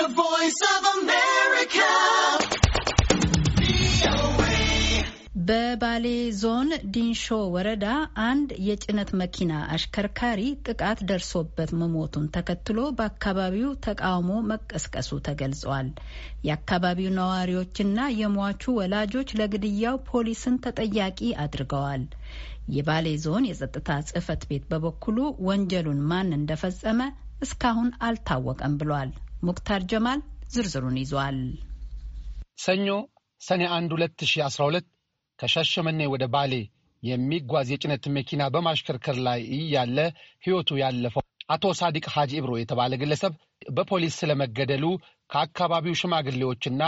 The Voice of America. በባሌ ዞን ዲንሾ ወረዳ አንድ የጭነት መኪና አሽከርካሪ ጥቃት ደርሶበት መሞቱን ተከትሎ በአካባቢው ተቃውሞ መቀስቀሱ ተገልጿል። የአካባቢው ነዋሪዎችና የሟቹ ወላጆች ለግድያው ፖሊስን ተጠያቂ አድርገዋል። የባሌ ዞን የጸጥታ ጽህፈት ቤት በበኩሉ ወንጀሉን ማን እንደፈጸመ እስካሁን አልታወቀም ብሏል። ሙክታር ጀማል ዝርዝሩን ይዟል። ሰኞ ሰኔ 1 2012 ከሻሸመኔ ወደ ባሌ የሚጓዝ የጭነት መኪና በማሽከርከር ላይ እያለ ሕይወቱ ያለፈው አቶ ሳዲቅ ሐጂ እብሮ የተባለ ግለሰብ በፖሊስ ስለመገደሉ ከአካባቢው ሽማግሌዎችና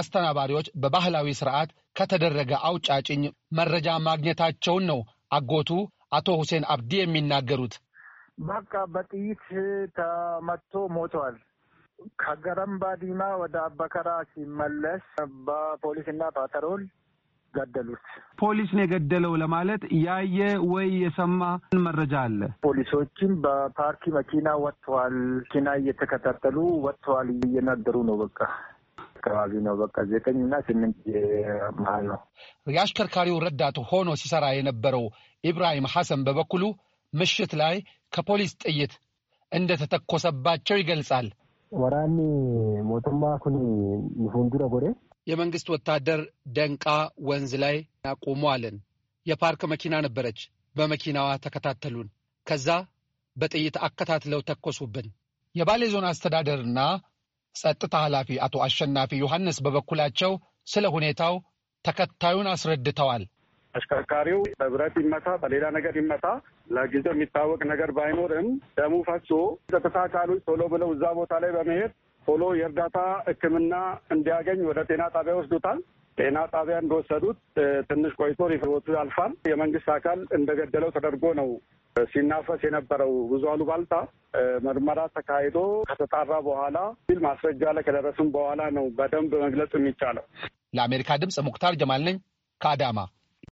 አስተናባሪዎች በባህላዊ ስርዓት ከተደረገ አውጫጭኝ መረጃ ማግኘታቸውን ነው አጎቱ አቶ ሁሴን አብዲ የሚናገሩት። በቃ በጥይት ተመቶ ሞተዋል። ከገረምባ ዲማ ወደ አበከራ ሲመለስ በፖሊስና ፓትሮል ገደሉት። ፖሊስ ነው የገደለው ለማለት ያየ ወይ የሰማ መረጃ አለ? ፖሊሶችም በፓርኪ መኪና ወጥተዋል፣ መኪና እየተከታተሉ ወጥተዋል እየነገሩ ነው። በቃ አካባቢ ነው በቃ ዘጠኝ እና ስምንት መሀል ነው። የአሽከርካሪው ረዳት ሆኖ ሲሰራ የነበረው ኢብራሂም ሐሰን በበኩሉ ምሽት ላይ ከፖሊስ ጥይት እንደተተኮሰባቸው ይገልጻል። ወራኒ ሞቱማ ኩኒ ንፉንዱረ ጎዴ የመንግስት ወታደር ደንቃ ወንዝ ላይ ያቆሙ አለን። የፓርክ መኪና ነበረች። በመኪናዋ ተከታተሉን። ከዛ በጥይት አከታትለው ተኮሱብን። የባሌ ዞን አስተዳደርና ጸጥታ ኃላፊ አቶ አሸናፊ ዮሐንስ በበኩላቸው ስለ ሁኔታው ተከታዩን አስረድተዋል። አሽከርካሪው በብረት ይመታ በሌላ ነገር ይመታ ለጊዜው የሚታወቅ ነገር ባይኖርም ደሙ ፈሶ ጸጥታ አካሎች ቶሎ ብለው እዛ ቦታ ላይ በመሄድ ቶሎ የእርዳታ ሕክምና እንዲያገኝ ወደ ጤና ጣቢያ ወስዱታል። ጤና ጣቢያ እንደወሰዱት ትንሽ ቆይቶ ሪፖርቱ ያልፋል። የመንግስት አካል እንደገደለው ተደርጎ ነው ሲናፈስ የነበረው። ብዙ አሉባልታ ምርመራ ተካሂዶ ከተጣራ በኋላ ሲል ማስረጃ ላይ ከደረስም በኋላ ነው በደንብ መግለጽ የሚቻለው። ለአሜሪካ ድምፅ ሙክታር ጀማል ነኝ ከአዳማ።